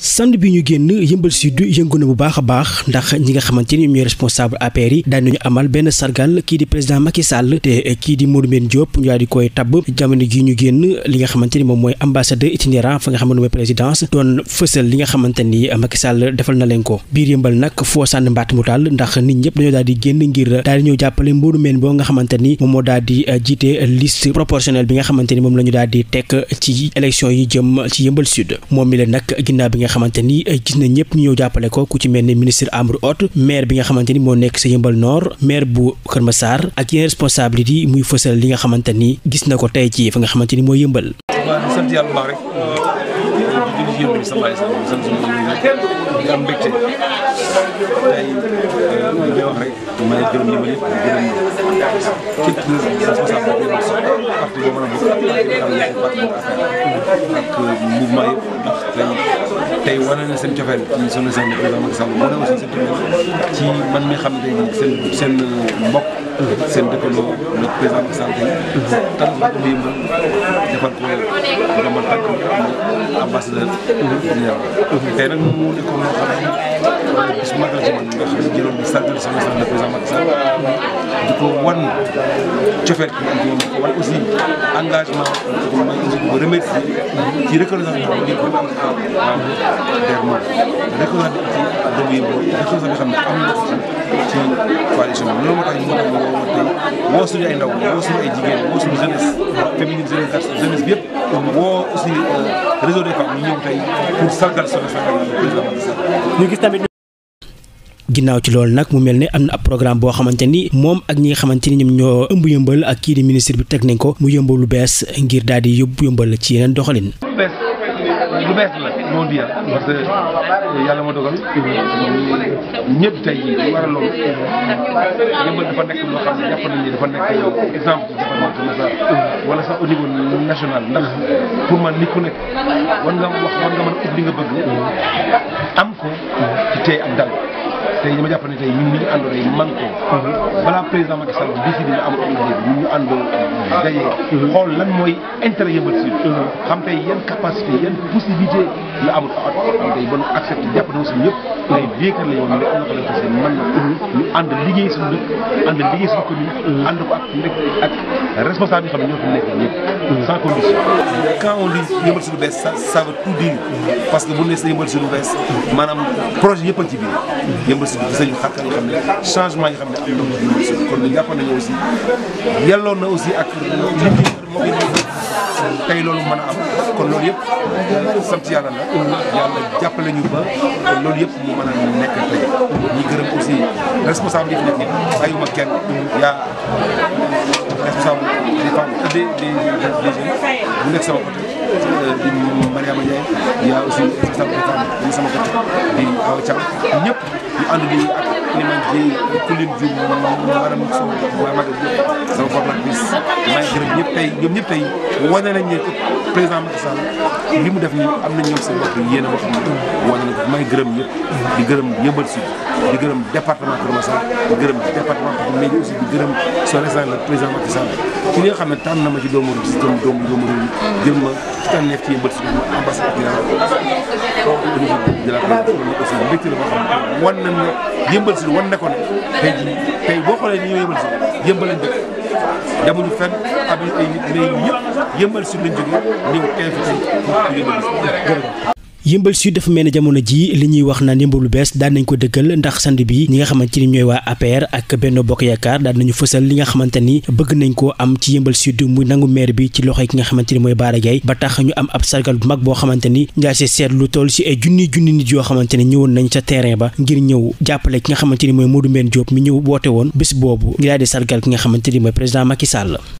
samedi bi ñu génn yëmbal sud yëngu na bu baax a baax ndax ñi nga xamante ni ñoom ñooy responsable APR yi daan nañu amal benn sargal kii di président Macky Sall te kii di Modou Mbène Diop ñu daal di koy tabb jamono gi ñu génn li nga xamante ni moom mooy ambassadeur itinérant fa nga xam ne mooy présidence doon fësal li nga xamante ni Macky defal na leen ko biir yëmbal nag foo sànn mbaat mu taal ndax nit ñëpp dañoo daal di génn ngir daal di ñëw jàppale Modou Mbène boo nga xamante moom moo daal di jiite liste proportionnelle bi nga xamante ni moom la ñu daal di tekk ci yi jëm ci yëmbal sud moom xamante ni gis na ñëpp ñu jàppale ko ku ci mel ni ministre Amadou Hott maire bi nga xamante ni moo nekk sa yëmbal nord maire bu Kër ak yeneen responsabilité yi muy fësal li nga xamante ni gis na ko tey ci fa nga xamante ni moo yëmbal tey wane na seen cofeel ci sunu seen président Macky Sall wane aussi seen cofeel ci man mi xam tey seen seen mbokk seen dëkkandoo le président Macky Sall tey tan ba tudd yëmbal defal ko ndombal tànk ambassadeur tey nag moom moo nekkoon loo xam ne su mag la ci man jëloon di sargal sama sax le président Macky Sall di ko wan cofet bi di ko wan aussi engagement di ko may aussi di ko remercier ci reconnaissance bi nga xam ne am bi ci doomu yi reconnaissance bi xam ne am na ci coalition bi loolu moo tax ñu mën a woo tey woo suñu ay ndaw woo suñu ay jigéen woo suñu jeunesse féminine jeunesse ak réseau des femmes ñu ñëw tey pour sargal sama sax ginnaaw ci loolu nag mu mel ni am na ab programme boo xamante ni moom ak ñi nga xamante ni ñoom ñoo ëmb yëmbal ak kii di ministre bi teg nañ ko mu yëmbal lu bees ngir daal di yóbbu yëmbal ci yeneen doxalin. ci tey ak tey dama ma ne tey ñun ñu ngi àndoo day man ko balaa président Macky Sall décidé ñu xool lan mooy intere yëmbal si xam tey yan capacité yan possibilité la amul am tey ba nu accepté la yoon mais am na ko lañ liggéey suñu dëkk ànd liggéey suñu commune ànd ko ak nekk ak responsable yi xam ne ñoo fi nekk ñëpp sans condition quand on lu bees ça ça tout dire parce bu ne sa yëmbal si lu bees maanaam projet yëpp a ci biir aussi gis nañu xàq yoo xam ne changement yi xam ne am na aussi kon ñu jàpp nañu aussi yelloon na aussi ak liñ ci moo koy tey loolu mën a am kon loolu yëpp sant yàlla la yàlla jàppale ñu ba loolu yëpp mu mën a nekk tey ñi gërëm aussi responsable yi fi nekk yi bàyyiwuma kenn yaa responsable des femmes euh, des des des jeunes bu nekk sama côté euh, di Mariama Ndiaye yaa aussi responsable des femmes bu nekk sama côté di Awa Thiam ñëpp ñu ànd di ak ni ma jëyee kulim ju maanaam sama waa Maguette Diop sama bopp laa maa ngi gërëm ñëpp tey ñoom ñëpp tey wane nañ ne président Macky li mu def nii am nañ ñoom seen bopp yéen a wax wane nañ ko maa ngi gërëm ñëpp di gërëm Yeumbeul si di gërëm département Keur Massar di gërëm département Fatou Ndiaye aussi di gërëm son excellence le nga xam ne tànn na ma ci doomu doomu doomu réew mi jël ma. askan nekk ci bët si ambassade bi de la République aussi mbégte la boo xam ne wan yëmbal si wan ne ko ne tey jii tey boo xoolee ni ñoo yëmbal si yëmbal lañ dëkk demuñu fenn ab ay nit réew yëmbal si lañ jógee ñëw tey fi tey pour yëmbal sud dafa mel ni jamono ji li ñuy wax naan yëmbal lu bees daan nañ ko dëggal ndax sand bi ñi nga xamante ni ñooy waa APR ak Benno Bokk Yaakaar daan nañu fësal li nga xamante ni bëgg nañ ko am ci yëmbal sud muy nangu maire bi ci loxo ki nga xamante ni mooy Bara Gaye ba tax ñu am ab sargal bu mag boo xamante ni ndaa si seet lu toll si ay junni junni nit yoo xamante ni ñëwoon nañ sa terrain ba ngir ñëw jàppale ki nga xamante ni mooy Modou Mbène Diop mi ñëw woote woon bés boobu ngi daal di nga xamante ni mooy président Macky Sall